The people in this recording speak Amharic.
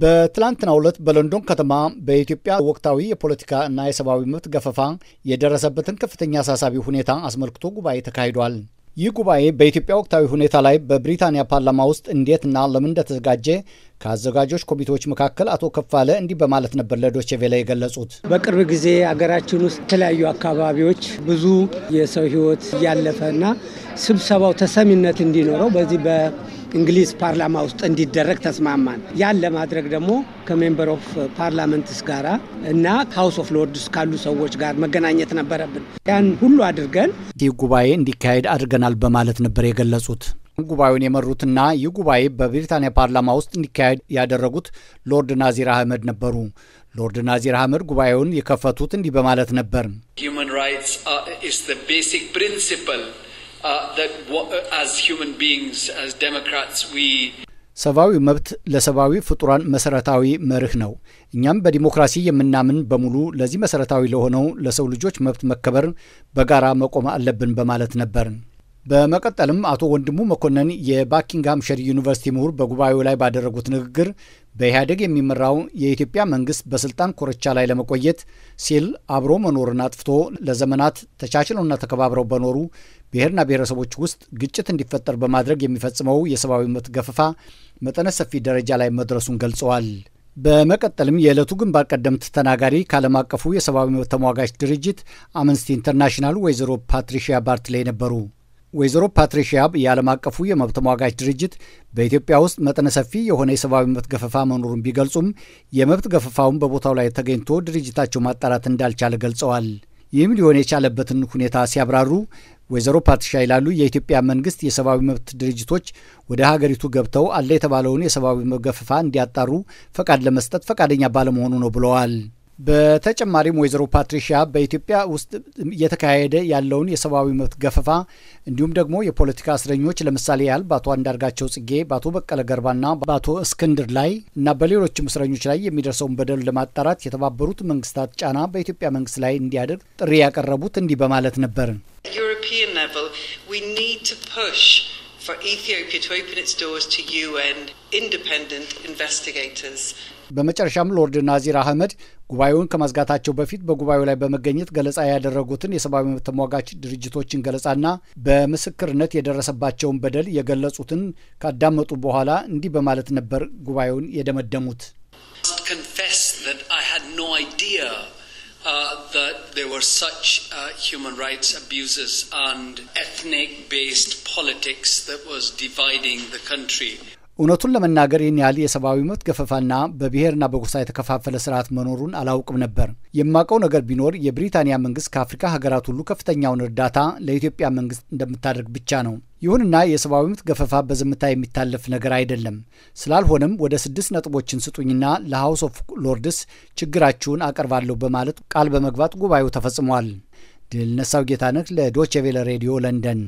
በትላንትናው ዕለት በለንዶን ከተማ በኢትዮጵያ ወቅታዊ የፖለቲካ እና የሰብአዊ መብት ገፈፋ የደረሰበትን ከፍተኛ አሳሳቢ ሁኔታ አስመልክቶ ጉባኤ ተካሂዷል። ይህ ጉባኤ በኢትዮጵያ ወቅታዊ ሁኔታ ላይ በብሪታንያ ፓርላማ ውስጥ እንዴትና ለምን እንደተዘጋጀ ከአዘጋጆች ኮሚቴዎች መካከል አቶ ከፋለ እንዲህ በማለት ነበር ለዶቼ ቬለ የገለጹት። በቅርብ ጊዜ አገራችን ውስጥ የተለያዩ አካባቢዎች ብዙ የሰው ሕይወት እያለፈና ስብሰባው ተሰሚነት እንዲኖረው በዚህ እንግሊዝ ፓርላማ ውስጥ እንዲደረግ ተስማማን። ያን ለማድረግ ደግሞ ከሜምበር ኦፍ ፓርላመንትስ ጋራ እና ከሀውስ ኦፍ ሎርድስ ካሉ ሰዎች ጋር መገናኘት ነበረብን። ያን ሁሉ አድርገን ይህ ጉባኤ እንዲካሄድ አድርገናል በማለት ነበር የገለጹት። ጉባኤውን የመሩትና ይህ ጉባኤ በብሪታንያ ፓርላማ ውስጥ እንዲካሄድ ያደረጉት ሎርድ ናዚር አህመድ ነበሩ። ሎርድ ናዚር አህመድ ጉባኤውን የከፈቱት እንዲህ በማለት ነበር። Uh, uh, ሰብአዊ መብት ለሰብአዊ ፍጡራን መሰረታዊ መርህ ነው። እኛም በዲሞክራሲ የምናምን በሙሉ ለዚህ መሰረታዊ ለሆነው ለሰው ልጆች መብት መከበር በጋራ መቆም አለብን በማለት ነበር። በመቀጠልም አቶ ወንድሙ መኮንን የባኪንግሃምሸር ዩኒቨርሲቲ ምሁር በጉባኤው ላይ ባደረጉት ንግግር በኢህአዴግ የሚመራው የኢትዮጵያ መንግስት በስልጣን ኮርቻ ላይ ለመቆየት ሲል አብሮ መኖርን አጥፍቶ ለዘመናት ተቻችለውና ተከባብረው በኖሩ ብሔርና ብሔረሰቦች ውስጥ ግጭት እንዲፈጠር በማድረግ የሚፈጽመው የሰብአዊ መብት ገፈፋ መጠነ ሰፊ ደረጃ ላይ መድረሱን ገልጸዋል። በመቀጠልም የዕለቱ ግንባር ቀደምት ተናጋሪ ከዓለም አቀፉ የሰብአዊ መብት ተሟጋች ድርጅት አምነስቲ ኢንተርናሽናል ወይዘሮ ፓትሪሺያ ባርትሌ ነበሩ። ወይዘሮ ፓትሪሺያ የዓለም አቀፉ የመብት ተሟጋች ድርጅት በኢትዮጵያ ውስጥ መጠነ ሰፊ የሆነ የሰብአዊ መብት ገፈፋ መኖሩን ቢገልጹም የመብት ገፈፋውን በቦታው ላይ ተገኝቶ ድርጅታቸው ማጣራት እንዳልቻለ ገልጸዋል። ይህም ሊሆን የቻለበትን ሁኔታ ሲያብራሩ ወይዘሮ ፓትሻ ይላሉ የኢትዮጵያ መንግስት የሰብአዊ መብት ድርጅቶች ወደ ሀገሪቱ ገብተው አለ የተባለውን የሰብአዊ መብት ገፈፋ እንዲያጣሩ ፈቃድ ለመስጠት ፈቃደኛ ባለመሆኑ ነው ብለዋል። በተጨማሪም ወይዘሮ ፓትሪሻ በኢትዮጵያ ውስጥ እየተካሄደ ያለውን የሰብአዊ መብት ገፈፋ እንዲሁም ደግሞ የፖለቲካ እስረኞች ለምሳሌ ያህል በአቶ አንዳርጋቸው ጽጌ፣ በአቶ በቀለ ገርባና በአቶ እስክንድር ላይ እና በሌሎችም እስረኞች ላይ የሚደርሰውን በደል ለማጣራት የተባበሩት መንግስታት ጫና በኢትዮጵያ መንግስት ላይ እንዲያደርግ ጥሪ ያቀረቡት እንዲህ በማለት ነበር። European level, we need to push for Ethiopia to open its doors to UN independent investigators. በመጨረሻም ሎርድ ናዚር አህመድ ጉባኤውን ከማዝጋታቸው በፊት በጉባኤው ላይ በመገኘት ገለጻ ያደረጉትን የሰብአዊ መብት ተሟጋች ድርጅቶችን ገለጻና በምስክርነት የደረሰባቸውን በደል የገለጹትን ካዳመጡ በኋላ እንዲህ በማለት ነበር ጉባኤውን የደመደሙት። Uh, that there were such uh, human rights abuses and ethnic based politics that was dividing the country. እውነቱን ለመናገር ይህን ያህል የሰብአዊ መብት ገፈፋና በብሔርና በጎሳ የተከፋፈለ ስርዓት መኖሩን አላውቅም ነበር። የማውቀው ነገር ቢኖር የብሪታንያ መንግስት ከአፍሪካ ሀገራት ሁሉ ከፍተኛውን እርዳታ ለኢትዮጵያ መንግስት እንደምታደርግ ብቻ ነው። ይሁንና የሰብአዊ መብት ገፈፋ በዝምታ የሚታለፍ ነገር አይደለም። ስላልሆነም ወደ ስድስት ነጥቦችን ስጡኝና ለሀውስ ኦፍ ሎርድስ ችግራችሁን አቀርባለሁ በማለት ቃል በመግባት ጉባኤው ተፈጽሟል። ድል ነሳው ጌታነህ ለዶቼ ቬለ ሬዲዮ ለንደን